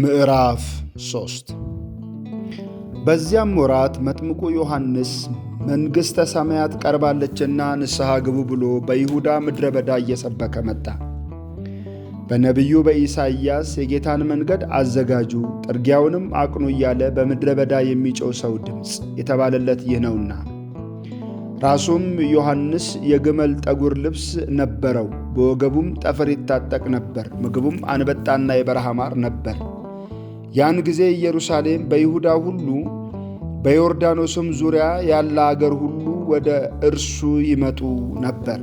ምዕራፍ 3 በዚያም ወራት መጥምቁ ዮሐንስ መንግሥተ ሰማያት ቀርባለችና ንስሐ ግቡ ብሎ በይሁዳ ምድረ በዳ እየሰበከ መጣ። በነቢዩ በኢሳይያስ የጌታን መንገድ አዘጋጁ፣ ጥርጊያውንም አቅኑ እያለ በምድረ በዳ የሚጮው ሰው ድምፅ የተባለለት ይህ ነውና። ራሱም ዮሐንስ የግመል ጠጉር ልብስ ነበረው፣ በወገቡም ጠፍር ይታጠቅ ነበር። ምግቡም አንበጣና የበረሃ ማር ነበር። ያን ጊዜ ኢየሩሳሌም በይሁዳ ሁሉ በዮርዳኖስም ዙሪያ ያለ አገር ሁሉ ወደ እርሱ ይመጡ ነበር።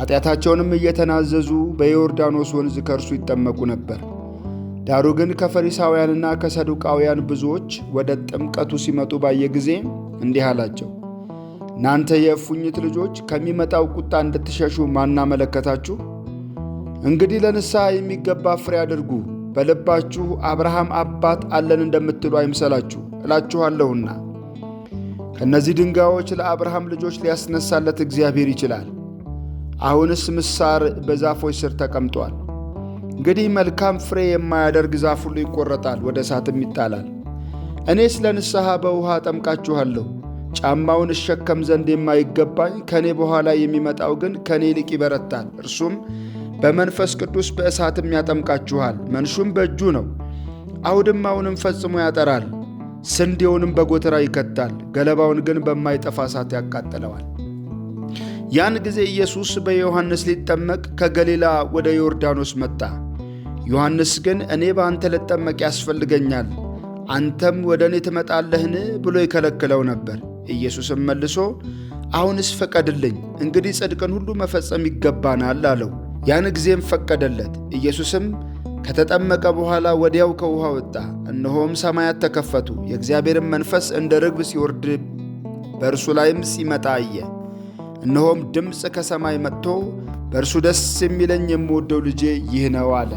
ኃጢአታቸውንም እየተናዘዙ በዮርዳኖስ ወንዝ ከእርሱ ይጠመቁ ነበር። ዳሩ ግን ከፈሪሳውያንና ከሰዱቃውያን ብዙዎች ወደ ጥምቀቱ ሲመጡ ባየ ጊዜ እንዲህ አላቸው፣ እናንተ የእፉኝት ልጆች ከሚመጣው ቁጣ እንድትሸሹ ማናመለከታችሁ? እንግዲህ ለንስሐ የሚገባ ፍሬ አድርጉ በልባችሁ አብርሃም አባት አለን እንደምትሉ አይምሰላችሁ እላችኋለሁና ከእነዚህ ድንጋዮች ለአብርሃም ልጆች ሊያስነሳለት እግዚአብሔር ይችላል። አሁንስ ምሳር በዛፎች ስር ተቀምጧል። እንግዲህ መልካም ፍሬ የማያደርግ ዛፍ ሁሉ ይቆረጣል፣ ወደ እሳትም ይጣላል። እኔ ስለ ንስሐ በውሃ አጠምቃችኋለሁ። ጫማውን እሸከም ዘንድ የማይገባኝ ከእኔ በኋላ የሚመጣው ግን ከእኔ ይልቅ ይበረታል፣ እርሱም በመንፈስ ቅዱስ በእሳትም ያጠምቃችኋል። መንሹም በእጁ ነው፣ አውድማውንም ፈጽሞ ያጠራል፣ ስንዴውንም በጎተራ ይከታል፣ ገለባውን ግን በማይጠፋ እሳት ያቃጥለዋል። ያን ጊዜ ኢየሱስ በዮሐንስ ሊጠመቅ ከገሊላ ወደ ዮርዳኖስ መጣ። ዮሐንስ ግን እኔ በአንተ ልጠመቅ ያስፈልገኛል፣ አንተም ወደ እኔ ትመጣለህን ብሎ ይከለክለው ነበር። ኢየሱስም መልሶ አሁንስ ፍቀድልኝ፣ እንግዲህ ጽድቅን ሁሉ መፈጸም ይገባናል አለው። ያን ጊዜም ፈቀደለት። ኢየሱስም ከተጠመቀ በኋላ ወዲያው ከውሃ ወጣ። እነሆም ሰማያት ተከፈቱ፣ የእግዚአብሔርም መንፈስ እንደ ርግብ ሲወርድ በእርሱ ላይም ሲመጣ አየ። እነሆም ድምፅ ከሰማይ መጥቶ በእርሱ ደስ የሚለኝ የምወደው ልጄ ይህ ነው አለ።